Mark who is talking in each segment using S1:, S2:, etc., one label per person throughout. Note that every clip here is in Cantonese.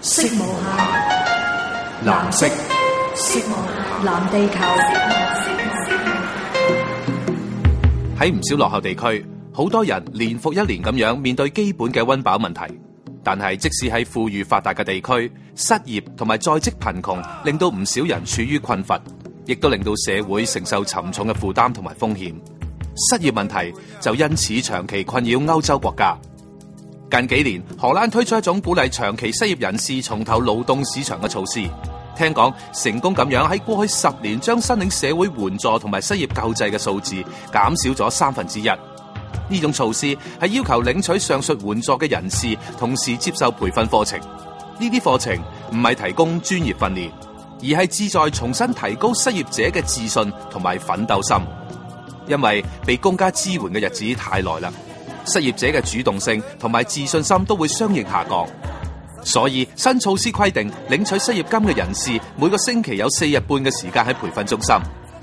S1: 色無限，藍色，色無限，藍地球。喺唔少落後地區，好多人年復一年咁樣面對基本嘅溫飽問題。但係即使喺富裕發達嘅地區，失業同埋在職貧窮，令到唔少人處於困乏，亦都令到社會承受沉重嘅負擔同埋風險。失業問題就因此長期困擾歐洲國家。近幾年，荷蘭推出一種鼓勵長期失業人士重投勞動市場嘅措施。聽講成功咁樣喺過去十年，將申領社會援助同埋失業救濟嘅數字減少咗三分之一。呢種措施係要求領取上述援助嘅人士同時接受培訓課程。呢啲課程唔係提供專業訓練，而係旨在重新提高失業者嘅自信同埋奮鬥心，因為被公家支援嘅日子太耐啦。失業者嘅主動性同埋自信心都會相應下降，所以新措施規定領取失業金嘅人士每個星期有四日半嘅時間喺培訓中心。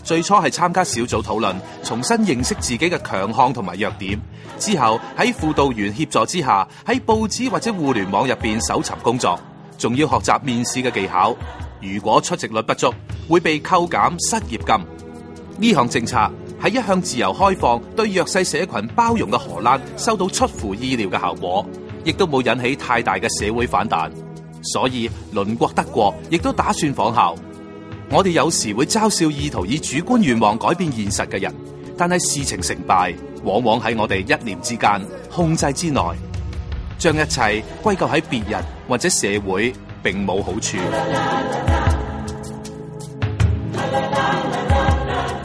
S1: 最初係參加小組討論，重新認識自己嘅強項同埋弱點，之後喺輔導員協助之下，喺報紙或者互聯網入邊搜尋工作，仲要學習面試嘅技巧。如果出席率不足，會被扣減失業金。呢項政策，喺一向自由開放、對弱勢社群包容嘅荷蘭，收到出乎意料嘅效果，亦都冇引起太大嘅社會反彈。所以鄰國德國亦都打算仿效。我哋有時會嘲笑意圖以主觀願望改變現實嘅人，但係事情成敗往往喺我哋一念之間、控制之內，將一切歸咎喺別人或者社會並冇好處。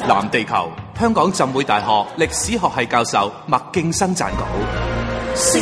S1: 藍地球。香港浸會大學歷史學系教授麥勁生撰稿。式